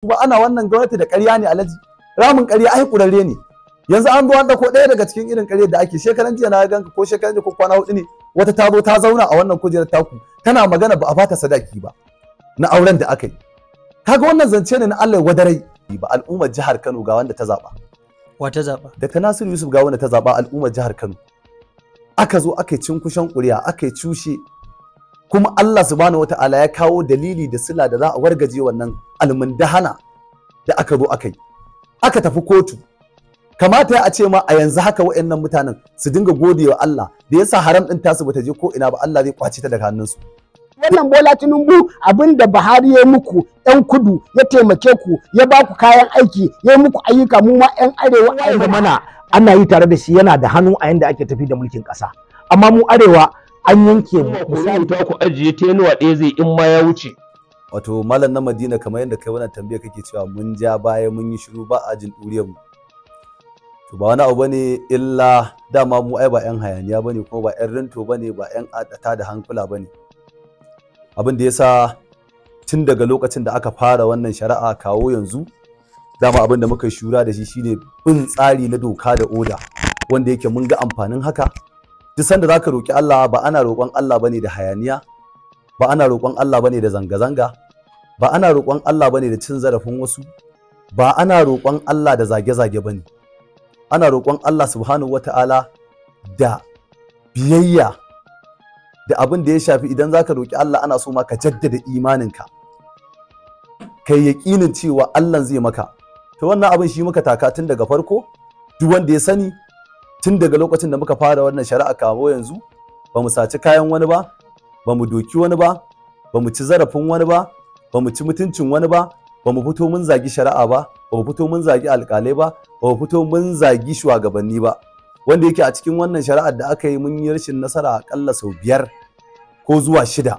kuma ana wannan gwamnati da ƙarya ne alaji ramin ƙarya ai kurarre ne yanzu an bi wanda ko ɗaya daga cikin irin ƙarya da ake shekaran jiya na ganka ko shekaran jiya ko kwana hudu ne wata ta ta zauna a wannan kujerar taku tana magana ba a bata sadaki ba na auren da aka yi kaga wannan zance ne na Allah wadarai ba al'ummar jihar Kano ga wanda ta zaba wa ta zaba daga Nasiru Yusuf ga wanda ta zaba al'ummar jihar Kano aka zo aka yi kushen ƙuri'a aka yi cushe kuma Allah subhanahu wata'ala ya kawo dalili da sila da za a wargaje wannan almundahana da aka zo aka yi aka tafi kotu kamata a ce ma a yanzu haka waɗannan mutanen su dinga godewa Allah da yasa haram din tasu bata je ko ina ba Allah zai kwace ta daga hannunsu wannan bola tinubu abin da buhari ya muku yan kudu ya taimake ku ya ba ku kayan aiki ya muku ayyuka mu ma yan arewa a mana ana yi tare da shi yana da hannu a yanda ake tafi da mulkin ƙasa amma mu arewa an yanke mu misali ta ku ajiye ta yanuwa ɗaya zai in ma ya wuce wato malam na madina kamar yadda kai wannan tambaya kake cewa mun ja baya mun yi shiru ba a jin ɗuriyar mu to ba wani abu bane illa dama mu ai ba yan hayaniya bane kuma ba yan rinto bane ba yan adata da hankula bane abin da yasa tun daga lokacin da aka fara wannan shari'a kawo yanzu dama abin da muka shura da shi shine bin tsari na doka da oda wanda yake mun ga amfanin haka duk sanda zaka roki Allah ba ana roƙon Allah bane da hayaniya ba ana roƙon Allah bane da zanga-zanga ba ana roƙon Allah bane da cin zarafin wasu ba ana roƙon Allah da zage-zage bane ana roƙon Allah subhanahu wata'ala da biyayya da abin da ya shafi idan zaka roƙi Allah ana so ma ka jaddada imaninka kai yaƙinin cewa Allah zai maka to wannan abin shi muka taka tun daga farko duk wanda ya sani tun daga lokacin da muka fara wannan shari'a kawo yanzu ba mu saci kayan wani ba ba mu doki wani ba ba mu ci zarafin wani ba ba mu ci mutuncin wani ba ba mu fito mun zagi shari'a ba ba mu fito mun zagi alƙalai ba ba mu fito mun zagi shugabanni ba wanda yake a cikin wannan shari'ar da aka yi mun yi rashin nasara aƙalla sau biyar ko zuwa shida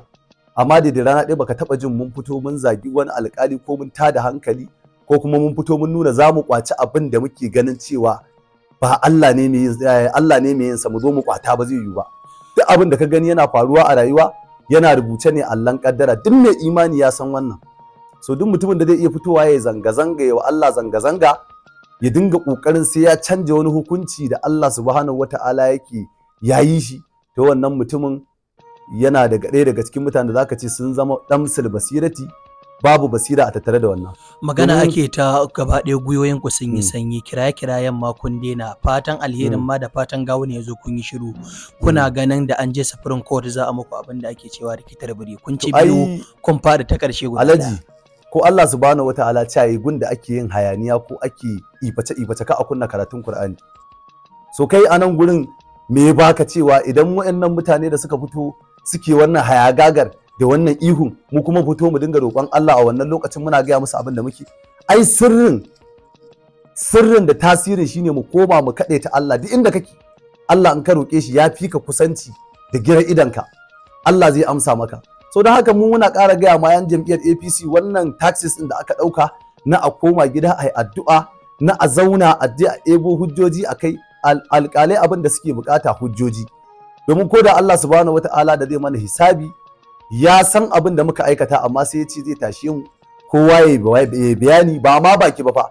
amma da rana ɗaya baka taɓa jin mun fito mun zagi wani alƙali ko mun tada hankali ko kuma mun fito mun nuna za mu kwaci abin da muke ganin cewa ba Allah ne mai eh, Allah ne mai yinsa mu zo mu kwata ba zai yiwu ba duk abin da ka gani yana faruwa a rayuwa yana rubuce ne allon kaddara duk mai imani ya san wannan so duk mutumin da zai iya fitowa ya zanga zanga ya wa Allah zanga zanga ya dinga kokarin sai ya canja wani hukunci da Allah subhanahu wata'ala yake yayi shi to wannan mutumin yana daga ɗaya daga cikin mutanen da zaka ce sun zama damsul basirati babu basira a tattare da wannan magana ake ta gaba ɗaya gwiwoyin ku sun yi hmm. sanyi kiraye kirayen ma kun daina fatan alherin hmm. ma da fatan gawo ne yazo kun yi shiru kuna hmm. ganin da an je safirin court za a muku abin da ake cewa rikitar biri kun ci biyu kun fada ta karshe guda alaji ko Allah subhanahu wataala ta yi gun da ake yin hayaniya ko ake ibace iface ka a kunna karatun Qur'ani so kai a nan gurin me baka cewa idan waɗannan mutane da suka fito suke wannan hayagagar da wannan ihun mu kuma fito mu dinga roƙon Allah a wannan lokacin muna gaya musu abin da muke ai sirrin sirrin da tasirin shine mu koma mu kaɗe ta Allah duk inda kake Allah in ka roƙe shi ya fi ka kusanci da gira idanka Allah zai amsa maka so don haka mu muna ƙara gaya ma yan jam'iyyar APC wannan taxes din da aka ɗauka na a koma gida a addu'a na a zauna a je a ebo hujjoji a kai alƙalai abin da suke bukata hujjoji domin ko da Allah subhanahu wata'ala da zai mana hisabi ya san abin da muka aikata amma sai ya ce zai tashi yin kowa ya bayani ba ma baki ba fa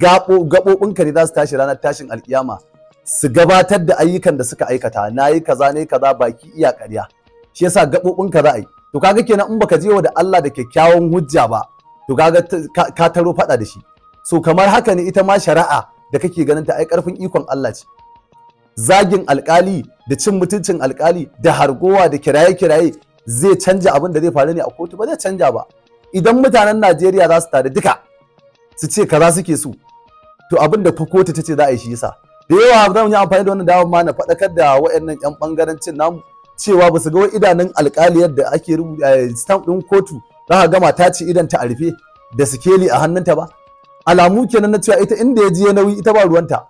gaɓoɓinka ne za su tashi ranar tashin alkiyama su gabatar da ayyukan da suka aikata na yi kaza ne kaza baki iya ƙarya shi yasa gaɓoɓinka za a yi to kaga kenan in baka je wa da Allah da kyakkyawan hujja ba to kaga ka taro faɗa da shi so kamar haka ne ita ma shari'a da kake ganin ta ai ƙarfin ikon Allah ce zagin alƙali da cin mutuncin alƙali da hargowa da kiraye-kiraye zai canja abin da zai faru ne a kotu ba zai canja ba idan mutanen Najeriya za su tare duka su ce kaza suke so to abin da kotu ta ce za a yi shi yasa da yawa za mu yi amfani da wannan dawon ma na faɗakar da waɗannan 'yan ɓangarancin namu cewa ba su ga idanun alƙaliyar da ake rubuta eh, stamp ɗin kotu za ka gama ta ce idan ta arfe da sikeli a hannunta ba alamu kenan na cewa ita inda ya ya nauyi ita ba ruwanta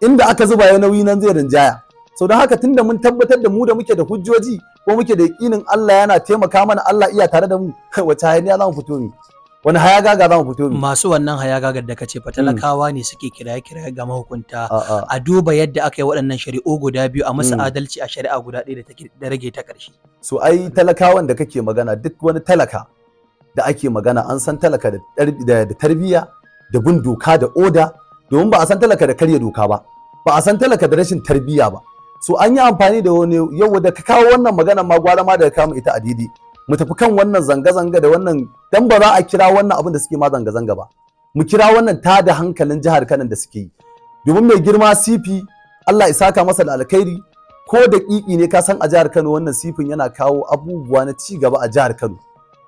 inda aka zuba ya nauyi nan zai rinjaya sau da haka tunda mun tabbatar da mu da muke da hujjoji ko muke da yakinin Allah yana taimaka mana Allah iya tare da mu wace hayaniya za mu fito ne wani hayagaga za mu fito ne masu wannan hayagagar da kace fatalakawa hmm. ne suke kiraye kiraye ga mahukunta a duba yadda aka yi waɗannan shari'o guda biyu a masa hmm. adalci a shari'a guda ɗaya da rage ta ƙarshe so ai talakawan da kake magana duk wani talaka da ake magana an san talaka da tarbiyya da bin doka da oda domin ba a san talaka da karya doka ba ba a san talaka da rashin tarbiyya ba Su an yi amfani da wani yau da ka kawo wannan magana ma gwara ma da ka kama ita a didi mu tafi kan wannan zanga-zanga da wannan dan ba za a kira wannan abin da suke ma zanga-zanga ba mu kira wannan ta da hankalin jihar Kano da suke yi domin mai girma sifi, Allah ya saka masa da alkhairi ko da kiki ne ka san a jihar Kano wannan sifin yana kawo abubuwa na ci gaba a jihar Kano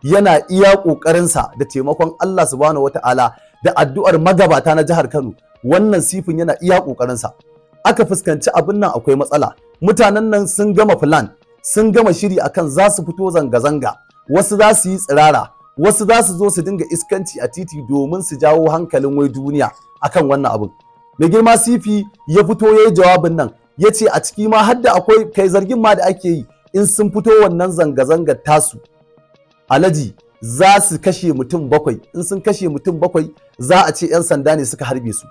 yana iya kokarinsa da taimakon Allah subhanahu wataala da addu'ar magabata na jihar Kano wannan sifin yana iya kokarinsa aka fuskanci abin nan akwai matsala mutanen nan sun gama plan sun gama shiri akan za su fito zanga-zanga wasu za su yi tsirara wasu za su zo su dinga iskanci a titi domin su jawo hankalin wai duniya akan wannan abin mai girma sifi ya fito ya yi jawabin nan ya ce a ciki ma har da akwai kai zargin ma da ake yi in sun fito wannan zanga zanga tasu alaji za su kashe mutum bakwai in sun kashe mutum bakwai za a ce 'yan sanda ne suka harbe su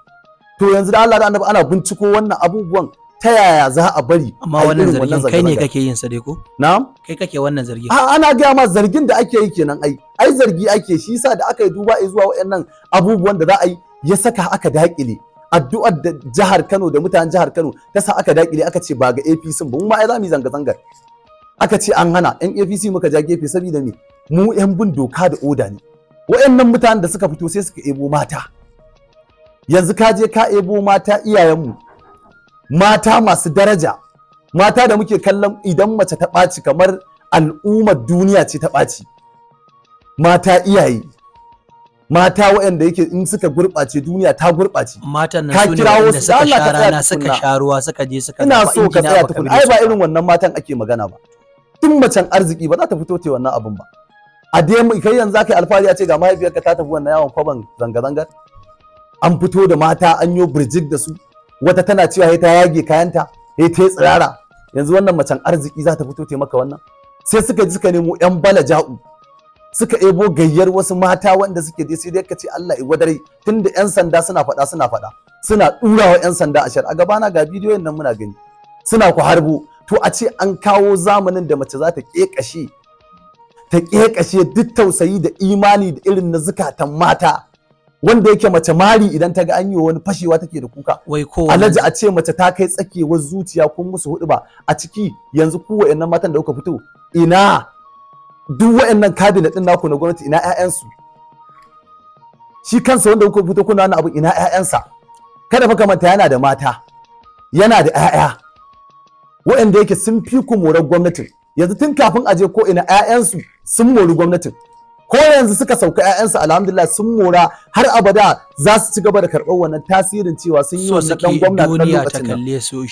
to yanzu da Allah da annabi ana binciko wannan abubuwan ta yaya za a bari amma wannan zargin kai ne kake yin sa dai ko na'am kai kake wannan zargin a ana ga ma zargin da ake yi kenan ai ai zargi ake shi yasa da aka yi duba zuwa wayannan abubuwan da za a yi ya saka aka dakile addu'ar da jihar Kano da mutanen jihar Kano ta sa aka dakile aka ce ba ga APC ba mu ma ai za mu zanga zangar aka ce an hana yan APC muka ja gefe saboda me mu yan bin doka da oda ne wayannan mutanen da suka fito sai suka ebo mata yanzu ka je ka ebo mata iyayenmu mata masu daraja mata da muke kallon idan mace ta ɓaci kamar al'ummar duniya ce ta ɓaci mata iyaye mata waɗanda yake in suka gurɓace duniya ta gurɓace matan nan sune wanda suka shara na suka sharuwa suka je suka ina so ka tsaya tukun ai ba irin wannan matan ake magana ba tun macen arziki ba za ta fito ta wannan abin ba a dai kai yanzu zaka alfahari a ce ga mahaifiyarka ta tafi wannan yawon kwaban zanga-zangar an fito da mata an yi birjik da su wata tana cewa ta yage kayanta ya ta tsirara yanzu wannan macen arziki za ta fito ta maka wannan sai suka ji suka nemo yan bala ja'u suka ebo gayyar wasu mata wanda suke dai sai dai ka ce Allah igwadare tunda yan sanda suna faɗa suna faɗa suna ɗurawa yan sanda a shar a gabana ga bidiyon nan muna gani suna ku harbo to a ce an kawo zamanin da mace za ta ƙeƙashe ta ƙeƙashe duk tausayi da imani da irin na zukatan mata wanda yake mace mari idan ta ga an yi wani fashewa take da kuka wai ko alhaji a ce mace ta kai tsakewar zuciya kun musu hudu ba a ciki yanzu ku wa'annan matan da kuka fito ina duk wa'annan cabinet din naku na gwamnati ina ƴaƴansu shi kansa wanda kuka fito kuna wani abu ina ƴaƴansa kada fa kamanta yana da mata yana da ƴaƴa wa'anda yake sun fi ku morar gwamnatin yanzu tun kafin a je ko ina ƴaƴansu sun mori gwamnatin ko yanzu suka sauka ƴaƴansu alhamdulillah sun mora har abada za su ci gaba da karɓar wannan tasirin cewa sun yi wannan dan gwamnati dan lokacin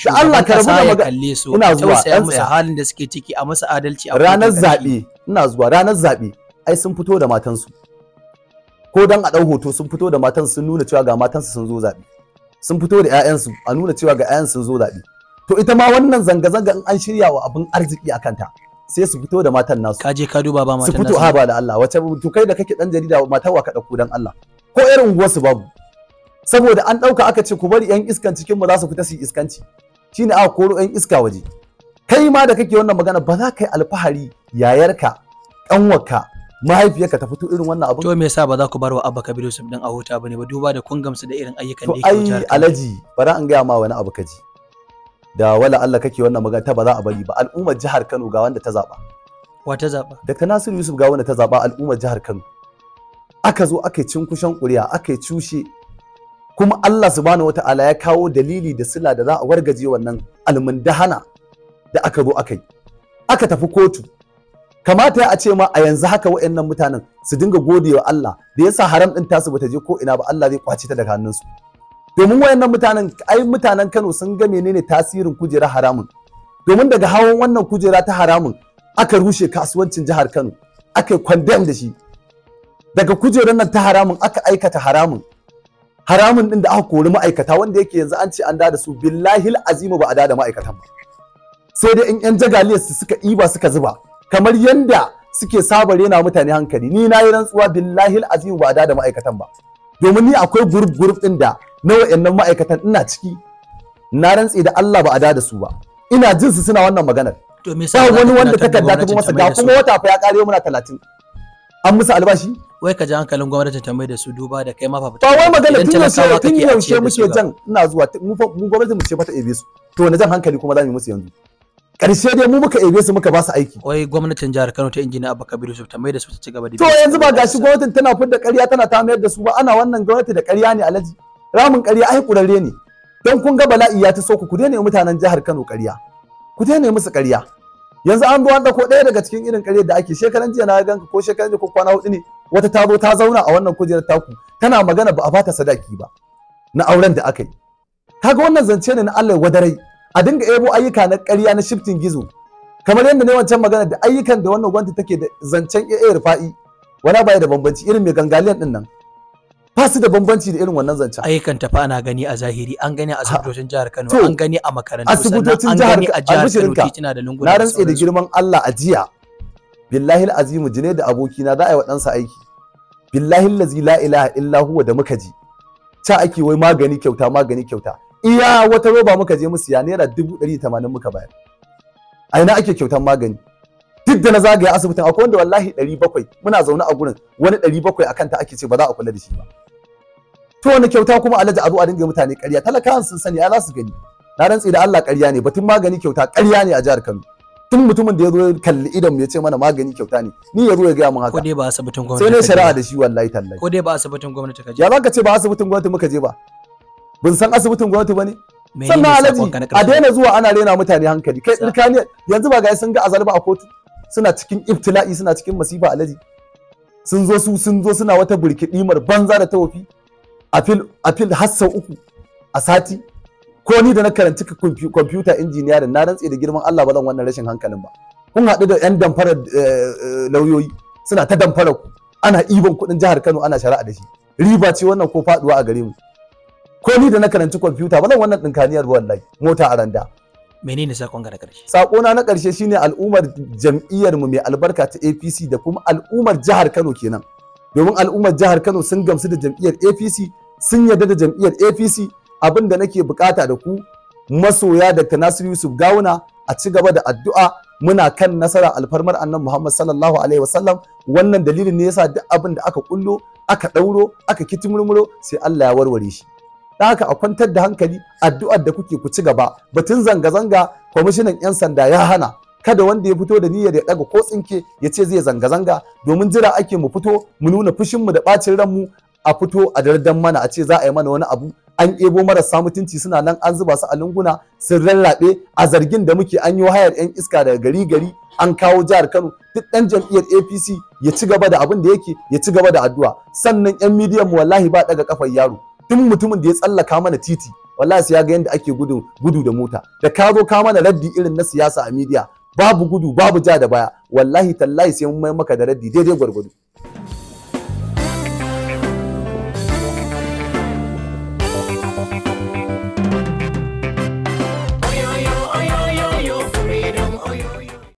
da Allah ka rabu da maga ina zuwa dan musu halin da suke ciki a musu adalci a ranar zabe ina zuwa ranar zabe ai sun fito da matansu ko dan a dau hoto sun fito da matansu sun nuna cewa ga matansu sun zo zabe sun fito da ƴaƴansu a nuna cewa ga ƴaƴansu sun zo zabe to ita ma wannan zanga-zanga in an shirya wa abin arziki a kanta sai su fito da matan nasu ka je ka duba ba matan nasu su fito ha ba da Allah wace to kai da kake dan jarida mata wa ka dauko dan Allah ko irin uwar su babu saboda an dauka aka ce ku bari yan iskan cikin mu za su fita su iskanci shine aka koro yan iska waje kai ma da kake wannan magana ba za ka yi alfahari yayarka kanwarka mahaifiyarka ta fito irin wannan abu to me yasa ba za ku bar wa abba kabiru su dan a huta bane ba duba da kun da irin ayyukan da yake to ai alaji bara an gaya ma wani abu kaji da wala Allah kake wannan magana ta ba za a bari ba al'ummar jihar Kano ga wanda ta zaba wa ta zaba Dr. Nasiru Yusuf ga wanda ta zaba al'ummar jihar Kano aka zo aka yi cinkushen ƙuri'a aka cushe kuma Allah subhanahu wata'ala ya kawo dalili da sila da za a wargaje wannan almundahana da aka zo aka yi aka tafi kotu kamata ya a ce ma a yanzu haka waɗannan mutanen su dinga godewa Allah da yasa haram ɗin tasu bata je ko ina ba Allah zai kwace ta daga hannunsu domin wayannan mutanen ai mutanen Kano sun ga menene tasirin kujera haramun domin daga hawan wannan kujera ta haramun aka rushe kasuwancin jihar Kano aka kwandam da shi daga kujerar nan ta haramun aka aikata haramun haramun din da aka kori ma'aikata wanda yake yanzu an ce an da su billahil azimu ba a da ma'aikatan ba sai dai in yan jagaliyar su suka iba suka zuba kamar yanda suke saba rena mutane hankali ni na yi rantsuwa billahil azimu ba a da ma'aikatan ba domin ni akwai gurub gurub din da na wa'annan ma'aikatan ina ciki na rantse da Allah ba a da su ba ina jin su suna wannan maganar ba wani wanda takarda ta masa ga kuma wata fa ya kare muna 30 an musu albashi wai ka ji hankalin gwamnati ta mai da su duba da kai ma fa ba wai magana tun yaushe tun yaushe muke jan ina zuwa mu gwamnati mu ce mata ebe su to na jan hankali kuma za mu musu yanzu karshe dai mu muka ebe su muka ba su aiki wai gwamnatin jihar Kano ta injiniya Abba Kabir Yusuf ta mai da su ta ci gaba da to yanzu ba gashi gwamnatin tana fudda ƙarya tana ta mayar da su ba ana wannan gwamnati da ƙarya ne alaji ramin ƙarya ai ƙurarre ne don kun ga bala'i ya ta so ku ku daina mutanen jihar Kano ƙarya ku daina musu ƙarya yanzu an duwan an ko ɗaya daga cikin irin ƙaryar da ake shekaran jiya na ganka ko shekaran jiya ko kwana hudu ne wata ta zo ta zauna a wannan kujerar taku tana magana ba a bata sadaki ba na auren da aka yi kaga wannan zance ne na Allah wadarai a dinga ebo ayyuka na ƙarya na shifting gizo kamar yadda ne wancan magana da ayyukan da wannan gwamnati take da zancen AA rufa'i wala bai da bambanci irin mai gangaliyan din nan ba su da bambanci da irin wannan zancen ayyukan tafa ana gani a zahiri an gani a asibitocin jihar Kano an gani a makarantu asibitocin jihar a jihar Kano titina da lungu na rantse da girman Allah a jiya billahi azimu jine da abokina za a yi wa ɗansa aiki billahi lazi la ilaha illa huwa da muka ji ta ake wai magani kyauta magani kyauta iya wata roba muka je musu ya naira dubu ɗari tamanin muka bayar a ina ake kyautan magani duk da na zagaya asibitin akwai wanda wallahi ɗari bakwai muna zaune a gurin wani ɗari bakwai akan ta ake ce ba za a kula da shi ba to wani kyauta kuma alaji a zo a dinga mutane ƙarya talaka sun sani ala su gani na rantsi da Allah ƙarya ne batun magani kyauta ƙarya ne a jihar Kano tun mutumin da ya zo ya kalli idan ya ce mana magani kyauta ne ni ya zo ya gaya mun haka ko dai ba asibitin gwamnati sai ne shari'a da shi wallahi tallahi ko dai ba asibitin gwamnati ka je ya zaka ce ba asibitin gwamnati muka je ba bin san asibitin gwamnati bane sannan alaji a daina zuwa ana rena mutane hankali kai tsirkani yanzu ba ga sun ga azalba a kotu suna cikin ibtila'i suna cikin masifa alaji sun zo su sun zo suna wata burkidimar banza da tawafi apil har sau uku a sati ko ni da na karanci computer engineering na rantse da girman Allah ba zan wannan rashin hankalin ba kun haɗu da yan damfarar eh, eh, lauyoyi suna ta damfarar ku ana ibon kuɗin jihar Kano ana shari'a da shi riba ce wannan ko faduwa a gare mu ko ni da na karanci computer ba zan wannan dinkaniyar ba wallahi mota a randa menene sakon ga na karshe sakona na karshe shine al'ummar jam'iyyar mu mai albarka ta APC da kuma al'ummar jihar Kano kenan domin al'ummar jihar Kano sun gamsu da jam'iyyar APC sun yarda da jam'iyyar apc abin da nake bukata da ku masoya da nasiru yusuf gawuna a ci gaba da addu'a muna kan nasara alfarmar annan muhammad sallallahu alaihi wasallam wannan dalilin ne yasa duk abin da aka kullo aka ɗauro aka murmuro, sai allah ya warware shi da haka a kwantar da hankali addu'ar da kuke ku ci gaba batun zanga-zanga kwamishinan 'yan sanda ya hana kada wanda ya fito da niyyar ya daga ko tsinke ya ce zai zanga-zanga domin jira ake mu fito mu nuna fushinmu da bacin ranmu a fito a dardan mana a ce za a yi mana wani abu an ebo marasa mutunci suna nan an zuba su a lunguna sun rarrabe a zargin da muke an yi wahayar 'yan iska daga gari gari an kawo jihar Kano duk ɗan jam'iyyar APC ya ci gaba da abin da yake ya ci gaba da addu'a sannan 'yan midiyan mu wallahi ba daga kafar yaro duk mutumin da ya tsallaka mana titi wallahi sai ya ga yadda ake gudu gudu da mota da ka zo ka mana raddi irin na siyasa a midiya babu gudu babu ja da baya wallahi tallahi sai mun mai maka da raddi daidai gwargwado